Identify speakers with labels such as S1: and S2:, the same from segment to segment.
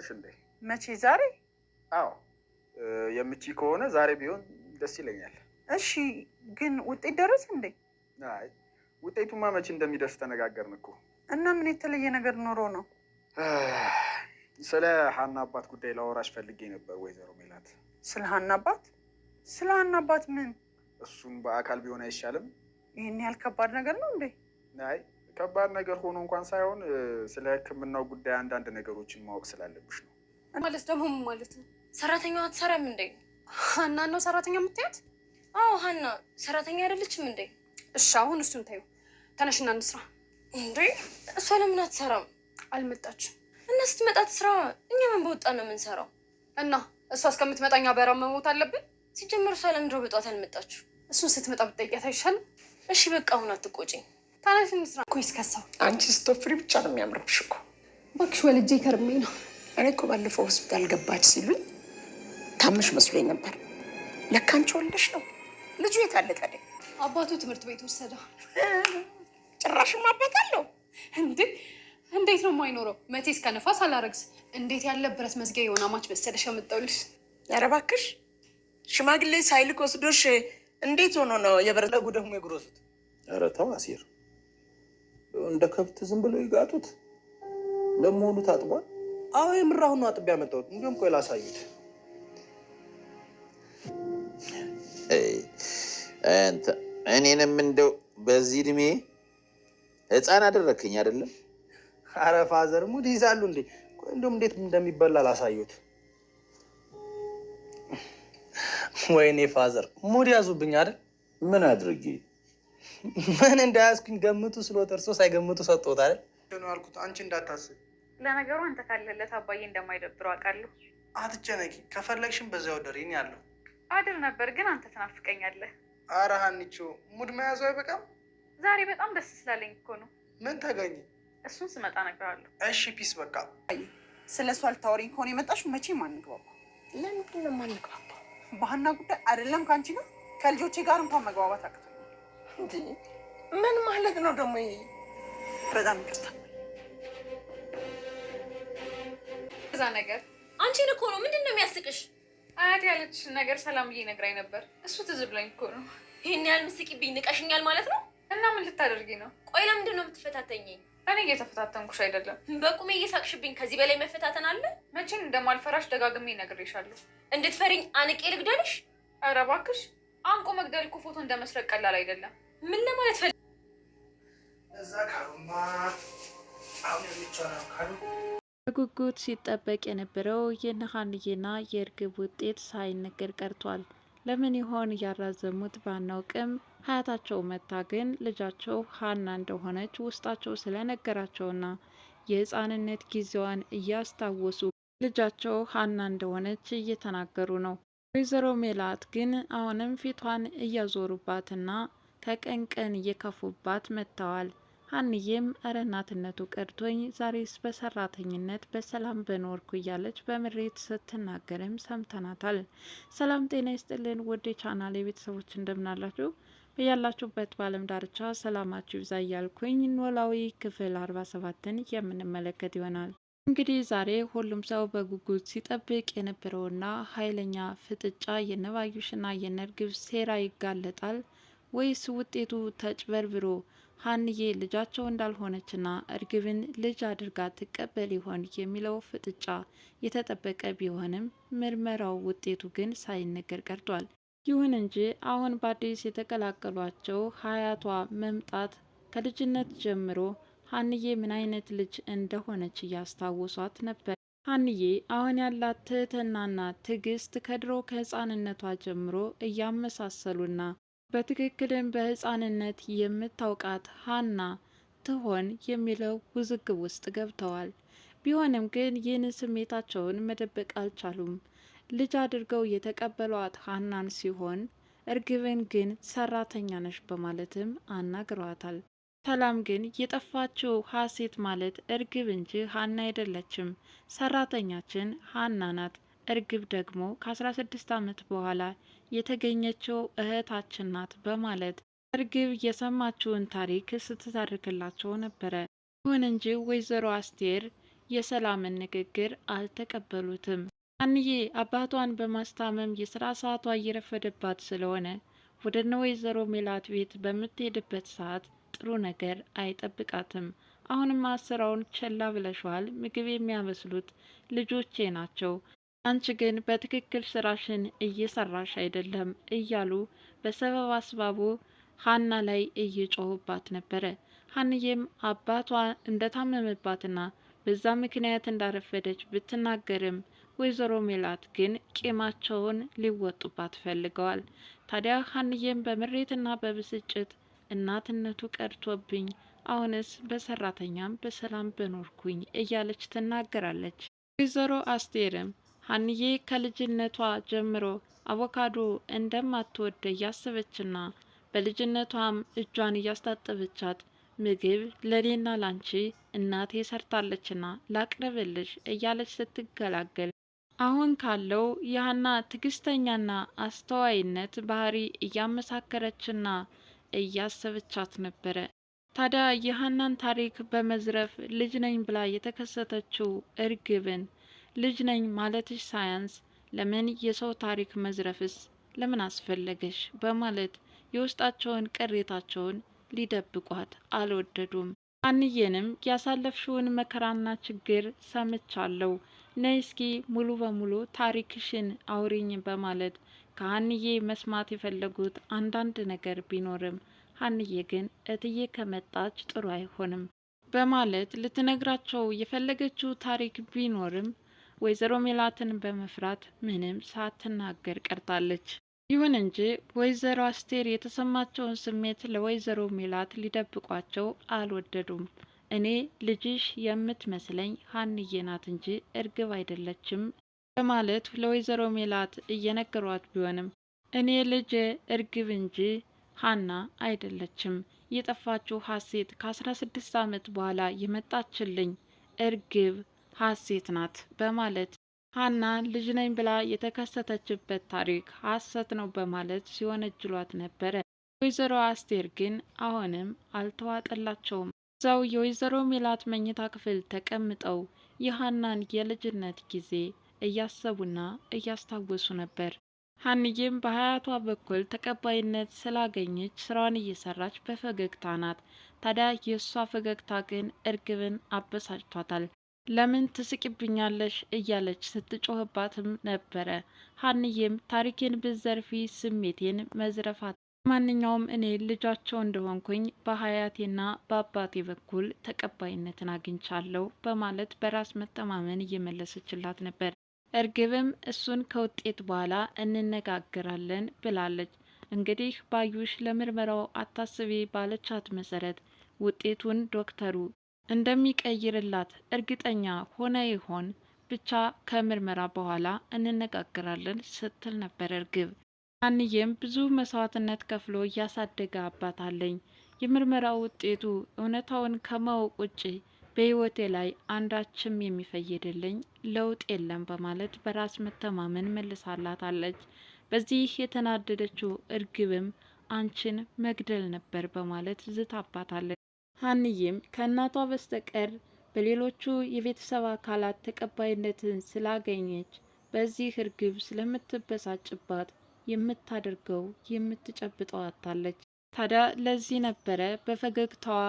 S1: አለብሽ እንዴ? መቼ? ዛሬ? አዎ የምቺ ከሆነ ዛሬ ቢሆን ደስ ይለኛል። እሺ፣ ግን ውጤት ደረሰ እንዴ? አይ ውጤቱማ መቼ እንደሚደርስ ተነጋገርን እኮ። እና ምን የተለየ ነገር ኖሮ ነው? ስለ ሀና አባት ጉዳይ ላወራሽ ፈልጌ ነበር ወይዘሮ ሜላት። ስለ ሀና አባት? ስለ ሀና አባት ምን? እሱም በአካል ቢሆን አይሻልም? ይህን ያህል ከባድ ነገር ነው እንዴ? አይ ከባድ ነገር ሆኖ እንኳን ሳይሆን ስለ ሕክምናው ጉዳይ አንዳንድ ነገሮችን ማወቅ ስላለብሽ ነው። ማለት ደግሞ ማለት ነው ሰራተኛዋ አትሰራም እንዴ? ሀና ነው ሰራተኛ የምታያት? አዎ ሀና ሰራተኛ አይደለችም እንዴ? እሺ አሁን እሱን ታዩ። ተነሽና እንስራ እንዴ። እሷ ለምን አትሰራም? አልመጣችም እና ስትመጣ ትስራ። እኛ ምን በወጣ ነው የምንሰራው? እና እሷ እስከምትመጣ እኛ በራ መሞት አለብን። ሲጀመር እሷ ለምድሮ በጧት አልመጣችሁ። እሱን ስትመጣ ብትጠይቂያት አይሻልም? እሺ በቃ አሁን አትቆጪኝ። ታናሽ እንስራ እኮ ይስከሳው። አንቺ ስቶፍሪ ብቻ ነው የሚያምርብሽ እኮ። እባክሽ ወልጄ ከርሜ ነው። እኔ እኮ ባለፈው ሆስፒታል ገባች ሲሉኝ ታምሽ መስሎኝ ነበር። ለካ አንቺ ወልደሽ ነው። ልጁ የት አለ ታዲያ? አባቱ ትምህርት ቤት ወሰደ። ጭራሽም አባት አለው እንዴ? እንዴት ነው የማይኖረው? እስከ ነፋስ አላረግዝ። እንዴት ያለ ብረት መዝጊያ የሆነ አማች መሰለሽ ያመጣሁልሽ። ኧረ እባክሽ ሽማግሌ ሳይልክ ወስዶሽ እንዴት ሆኖ ነው የበረለጉ ደግሞ የጉረሱት? ኧረ ተው አሲር እንደ ከብት ዝም ብሎ ይጋጡት። ለመሆኑ ታጥቧል? አዎ የምር አሁን ነው አጥቤ ያመጣሁት። እንዲሁም ቆይ ላሳዩት። እኔንም እንደው በዚህ እድሜ ህፃን አደረግክኝ አይደለም? አረ ፋዘር ሙድ ይዛሉ እንዴ! እንዲሁም እንዴት እንደሚበላ ላሳዩት። ወይኔ ፋዘር ሙድ ያዙብኝ አይደል? ምን አድርጌ ምን እንዳያስኩኝ ገምቱ ስሎት እርሶ ሳይገምቱ ሰጥቶታል አልኩት። አንቺ እንዳታስብ። ለነገሩ አንተ ካለለት አባዬ እንደማይደብረው አውቃለሁ። አትጨነቂ። ከፈለግሽም በዚያው ደሪን ያለው አድር ነበር፣ ግን አንተ ትናፍቀኛለህ። ኧረ ሀኒቾ ሙድ መያዙ አይበቃም። ዛሬ በጣም ደስ ስላለኝ እኮ ነው። ምን ተገኘ? እሱን ስመጣ እነግርሃለሁ። እሺ ፒስ። በቃ ስለ እሱ አልታወሪኝ ከሆነ የመጣሽ መቼ አንግባባ። ለምንድን ነው የማንግባባ? ጉዳይ አይደለም ከአንቺ ነው ከልጆቼ ጋር እንኳን መግባባት አቅቶ ምን ማለት ነው ደግሞ ይሄ? በጣም ይቅርታ እዛ ነገር አንቺን እኮ ነው። ምንድን ነው የሚያስቅሽ? አያት ያለችሽን ነገር ሰላምዬ ነግራኝ ነበር። እሱ ትዝ ብላኝ እኮ ነው። ይህን ያህል ምስቂብኝ ንቀሽኛል ማለት ነው። እና ምን ልታደርጊ ነው? ቆይ ለምንድን ነው የምትፈታተኝኝ? እኔ እየተፈታተንኩሽ አይደለም፣ በቁሜ እየሳቅሽብኝ። ከዚህ በላይ መፈታተን አለ? መቼም እንደማልፈራሽ ደጋግሜ እነግርሻለሁ። እንድትፈሪኝ አንቄ ልግደልሽ? አረ እባክሽ አንቆ መግደል እኮ ፎቶ እንደመስረቅ ቀላል አይደለም። ምን ለማለት ፈል እዛ ካሉማ አሁን የሚቻለው ካሉ በጉጉት ሲጠበቅ የነበረው የነሀንዬና የእርግብ ውጤት ሳይነገር ቀርቷል። ለምን ይሆን ያራዘሙት ባናውቅም ሀያታቸው መታ ግን ልጃቸው ሀና እንደሆነች ውስጣቸው ስለነገራቸውና የህፃንነት ጊዜዋን እያስታወሱ ልጃቸው ሀና እንደሆነች እየተናገሩ ነው። ወይዘሮ ሜላት ግን አሁንም ፊቷን እያዞሩባትና ከቀን ቀን እየከፉባት መጥተዋል። ሀንዬም እረ እናትነቱ ቀርቶኝ ዛሬስ በሰራተኝነት በሰላም በኖርኩ እያለች በምሬት ስትናገርም ሰምተናታል። ሰላም ጤና ይስጥልን ውድ የቻናሌ ቤተሰቦች እንደምናላችሁ በያላችሁበት በዓለም ዳርቻ ሰላማችሁ ይብዛ እያልኩኝ ኖላዊ ክፍል አርባ ሰባትን የምንመለከት ይሆናል። እንግዲህ ዛሬ ሁሉም ሰው በጉጉት ሲጠብቅ የነበረውና ኃይለኛ ፍጥጫ የነባዩሽና የነርግብ ሴራ ይጋለጣል ወይስ ውጤቱ ተጭበርብሮ ሀንዬ ልጃቸው እንዳልሆነችና እርግብን ልጅ አድርጋ ትቀበል ይሆን የሚለው ፍጥጫ የተጠበቀ ቢሆንም ምርመራው ውጤቱ ግን ሳይነገር ቀርቷል። ይሁን እንጂ አሁን በአዲስ የተቀላቀሏቸው ሀያቷ መምጣት ከልጅነት ጀምሮ ሀንዬ ምን አይነት ልጅ እንደሆነች እያስታወሷት ነበር። ሀንዬ አሁን ያላት ትህትናና ትዕግስት ከድሮ ከህፃንነቷ ጀምሮ እያመሳሰሉና በትክክልም በህፃንነት የምታውቃት ሀና ትሆን የሚለው ውዝግብ ውስጥ ገብተዋል። ቢሆንም ግን ይህን ስሜታቸውን መደበቅ አልቻሉም። ልጅ አድርገው የተቀበሏት ሀናን ሲሆን እርግብን ግን ሰራተኛ ነሽ በማለትም አናግረዋታል። ሰላም ግን የጠፋችው ሀሴት ማለት እርግብ እንጂ ሀና አይደለችም። ሰራተኛችን ሀና ናት። እርግብ ደግሞ ከ16 ዓመት በኋላ የተገኘችው እህታችን ናት በማለት እርግብ የሰማችውን ታሪክ ስትተርክላቸው ነበረ። ይሁን እንጂ ወይዘሮ አስቴር የሰላምን ንግግር አልተቀበሉትም። አንዬ አባቷን በማስታመም የስራ ሰዓቷ እየረፈደባት ስለሆነ ወደ ወይዘሮ ሜላት ቤት በምትሄድበት ሰዓት ጥሩ ነገር አይጠብቃትም። አሁንም አስራውን ቸላ ብለሽዋል። ምግብ የሚያበስሉት ልጆቼ ናቸው፣ አንቺ ግን በትክክል ስራሽን እየሰራሽ አይደለም እያሉ በሰበብ አስባቡ ሀና ላይ እየጮሁባት ነበረ። ሀንዬም አባቷ እንደታመመባትና በዛ ምክንያት እንዳረፈደች ብትናገርም ወይዘሮ ሜላት ግን ቂማቸውን ሊወጡባት ፈልገዋል። ታዲያ ሀንዬም በምሬትና በብስጭት እናትነቱ ቀርቶብኝ አሁንስ በሰራተኛም በሰላም በኖርኩኝ እያለች ትናገራለች። ወይዘሮ አስቴርም ሀንዬ ከልጅነቷ ጀምሮ አቮካዶ እንደማትወደ እያሰበችና በልጅነቷም እጇን እያስታጠበቻት ምግብ ለኔና ላንቺ እናቴ ሰርታለችና ላቅርብልሽ እያለች ስትገላገል አሁን ካለው ያህና ትግስተኛና አስተዋይነት ባህሪ እያመሳከረችና እያሰበቻት ነበረ። ታዲያ የሀናን ታሪክ በመዝረፍ ልጅ ነኝ ብላ የተከሰተችው እርግብን ልጅ ነኝ ማለትሽ ሳያንስ ለምን የሰው ታሪክ መዝረፍስ ለምን አስፈለገሽ በማለት የውስጣቸውን ቅሬታቸውን ሊደብቋት አልወደዱም። አንዬንም ያሳለፍሽውን መከራና ችግር ሰምቻለሁ፣ ነይ እስኪ ሙሉ በሙሉ ታሪክሽን አውሪኝ በማለት ከሀንዬ መስማት የፈለጉት አንዳንድ ነገር ቢኖርም ሀንዬ ግን እትዬ ከመጣች ጥሩ አይሆንም በማለት ልትነግራቸው የፈለገችው ታሪክ ቢኖርም ወይዘሮ ሜላትን በመፍራት ምንም ሳትናገር ቀርታለች። ይሁን እንጂ ወይዘሮ አስቴር የተሰማቸውን ስሜት ለወይዘሮ ሜላት ሊደብቋቸው አልወደዱም። እኔ ልጅሽ የምትመስለኝ ሀንዬ ናት እንጂ እርግብ አይደለችም በማለት ለወይዘሮ ሜላት እየነገሯት ቢሆንም እኔ ልጄ እርግብ እንጂ ሀና አይደለችም የጠፋችው ሀሴት ከአስራ ስድስት ዓመት በኋላ የመጣችልኝ እርግብ ሀሴት ናት በማለት ሀና ልጅ ነኝ ብላ የተከሰተችበት ታሪክ ሀሰት ነው በማለት ሲወነጅሏት ነበረ። ወይዘሮ አስቴር ግን አሁንም አልተዋጠላቸውም። እዛው የወይዘሮ ሜላት መኝታ ክፍል ተቀምጠው የሀናን የልጅነት ጊዜ እያሰቡና እያስታወሱ ነበር። ሀንዬም በሀያቷ በኩል ተቀባይነት ስላገኘች ስራዋን እየሰራች በፈገግታ ናት። ታዲያ የእሷ ፈገግታ ግን እርግብን አበሳጭቷታል። ለምን ትስቂብኛለሽ እያለች ስትጮህባትም ነበረ። ሀንዬም ታሪኬን ብዘርፊ ስሜቴን መዝረፋት ማንኛውም እኔ ልጃቸው እንደሆንኩኝ በሀያቴና በአባቴ በኩል ተቀባይነትን አግኝቻለሁ በማለት በራስ መተማመን እየመለሰችላት ነበር። እርግብም እሱን ከውጤት በኋላ እንነጋገራለን ብላለች። እንግዲህ ባዩሽ ለምርመራው አታስቤ ባለቻት መሰረት ውጤቱን ዶክተሩ እንደሚቀይርላት እርግጠኛ ሆነ ይሆን? ብቻ ከምርመራ በኋላ እንነጋገራለን ስትል ነበር እርግብ። አንዬም ብዙ መስዋዕትነት ከፍሎ እያሳደገ አባት አለኝ የምርመራው ውጤቱ እውነታውን ከማወቅ ውጪ በህይወቴ ላይ አንዳችም የሚፈይድልኝ ለውጥ የለም በማለት በራስ መተማመን መልሳላታለች። በዚህ የተናደደችው እርግብም አንቺን መግደል ነበር በማለት ዝታባታለች። ሀንዬም ከእናቷ በስተቀር በሌሎቹ የቤተሰብ አካላት ተቀባይነትን ስላገኘች በዚህ እርግብ ስለምትበሳጭባት የምታደርገው የምትጨብጠው አታለች። ታዲያ ለዚህ ነበረ በፈገግታዋ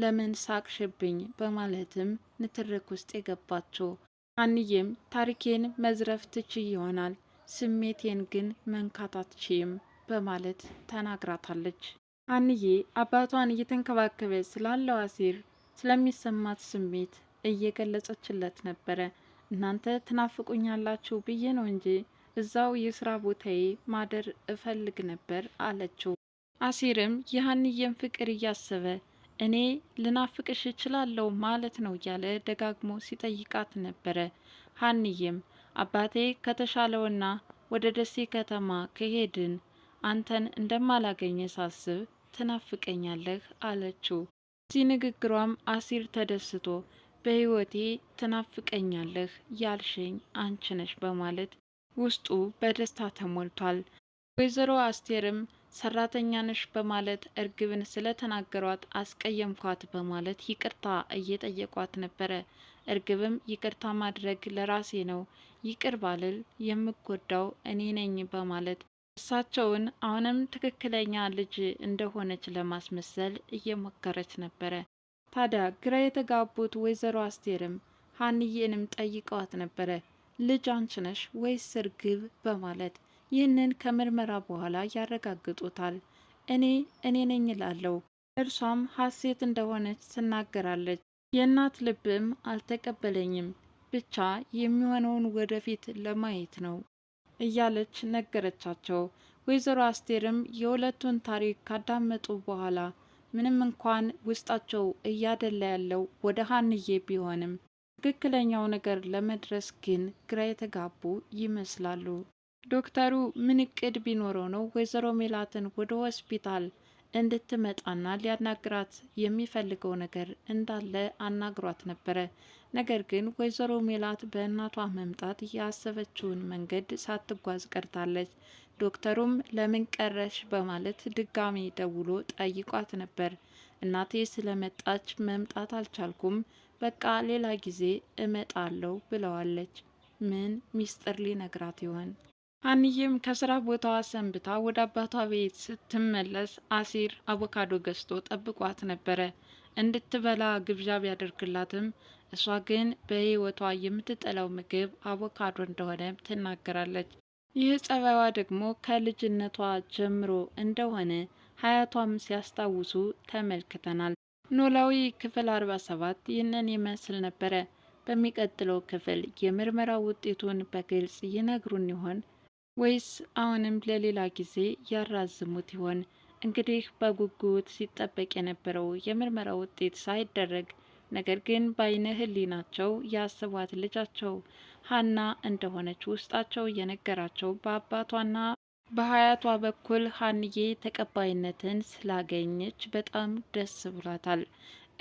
S1: ለምን ሳቅሽብኝ በማለትም ንትርክ ውስጥ የገባችው አንዬም ታሪኬን መዝረፍ ትች ይሆናል፣ ስሜቴን ግን መንካት አትችይም በማለት ተናግራታለች። አንዬ አባቷን እየተንከባከበ ስላለው አሲር ስለሚሰማት ስሜት እየገለጸችለት ነበረ። እናንተ ትናፍቁኛላችሁ ብዬ ነው እንጂ እዛው የስራ ቦታዬ ማደር እፈልግ ነበር አለችው። አሲርም የሀንዬን ፍቅር እያሰበ እኔ ልናፍቅሽ እችላለሁ ማለት ነው እያለ ደጋግሞ ሲጠይቃት ነበረ። ሀንዬም አባቴ ከተሻለውና ወደ ደሴ ከተማ ከሄድን አንተን እንደማላገኘ ሳስብ ትናፍቀኛለህ አለችው። እዚህ ንግግሯም አሲር ተደስቶ በሕይወቴ ትናፍቀኛለህ ያልሽኝ አንቺ ነሽ በማለት ውስጡ በደስታ ተሞልቷል። ወይዘሮ አስቴርም ሰራተኛ ነሽ በማለት እርግብን ስለተናገሯት አስቀየምኳት በማለት ይቅርታ እየጠየቋት ነበረ። እርግብም ይቅርታ ማድረግ ለራሴ ነው፣ ይቅር ባልል የምጎዳው እኔ ነኝ በማለት እሳቸውን አሁንም ትክክለኛ ልጅ እንደሆነች ለማስመሰል እየሞከረች ነበረ። ታዲያ ግራ የተጋቡት ወይዘሮ አስቴርም ሀንዬንም ጠይቀዋት ነበረ። ልጅ አንች ነሽ ወይስ እርግብ በማለት ይህንን ከምርመራ በኋላ ያረጋግጡታል። እኔ እኔ ነኝ እላለሁ። እርሷም ሀሴት እንደሆነች ትናገራለች። የእናት ልብም አልተቀበለኝም፣ ብቻ የሚሆነውን ወደፊት ለማየት ነው እያለች ነገረቻቸው። ወይዘሮ አስቴርም የሁለቱን ታሪክ ካዳመጡ በኋላ ምንም እንኳን ውስጣቸው እያደላ ያለው ወደ ሀንዬ ቢሆንም ትክክለኛው ነገር ለመድረስ ግን ግራ የተጋቡ ይመስላሉ። ዶክተሩ ምን እቅድ ቢኖረው ነው ወይዘሮ ሜላትን ወደ ሆስፒታል እንድትመጣና ሊያናግራት የሚፈልገው ነገር እንዳለ አናግሯት ነበረ። ነገር ግን ወይዘሮ ሜላት በእናቷ መምጣት ያሰበችውን መንገድ ሳትጓዝ ቀርታለች። ዶክተሩም ለምን ቀረሽ በማለት ድጋሚ ደውሎ ጠይቋት ነበር። እናቴ ስለመጣች መምጣት አልቻልኩም፣ በቃ ሌላ ጊዜ እመጣለሁ ብለዋለች። ምን ሚስጥር ሊነግራት ይሆን? አንዬም ከስራ ቦታዋ ሰንብታ ወደ አባቷ ቤት ስትመለስ አሲር አቮካዶ ገዝቶ ጠብቋት ነበረ። እንድትበላ ግብዣ ቢያደርግላትም እሷ ግን በህይወቷ የምትጠላው ምግብ አቮካዶ እንደሆነ ትናገራለች። ይህ ጸባይዋ ደግሞ ከልጅነቷ ጀምሮ እንደሆነ ሀያቷም ሲያስታውሱ ተመልክተናል። ኖላዊ ክፍል 47 ይህንን ይመስል ነበረ። በሚቀጥለው ክፍል የምርመራ ውጤቱን በግልጽ ይነግሩን ይሆን? ወይስ አሁንም ለሌላ ጊዜ ያራዝሙት ይሆን? እንግዲህ በጉጉት ሲጠበቅ የነበረው የምርመራ ውጤት ሳይደረግ ነገር ግን በአይነ ህሊናቸው ያስቧት ልጃቸው ሀና እንደሆነች ውስጣቸው የነገራቸው በአባቷና በሀያቷ በኩል ሀንዬ ተቀባይነትን ስላገኘች በጣም ደስ ብሏታል።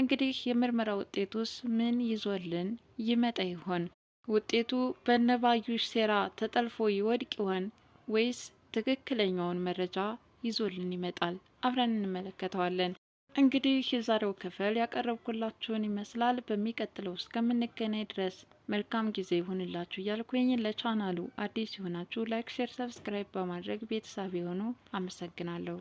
S1: እንግዲህ የምርመራ ውጤቱስ ምን ይዞልን ይመጣ ይሆን? ውጤቱ በነባዩሽ ሴራ ተጠልፎ ይወድቅ ይሆን ወይስ ትክክለኛውን መረጃ ይዞልን ይመጣል? አብረን እንመለከተዋለን። እንግዲህ የዛሬው ክፍል ያቀረብኩላችሁን ይመስላል። በሚቀጥለው እስከምንገናኝ ድረስ መልካም ጊዜ ይሁንላችሁ እያልኩኝ ለቻናሉ አዲስ የሆናችሁ ላይክ፣ ሼር፣ ሰብስክራይብ በማድረግ ቤተሰብ የሆኑ አመሰግናለሁ።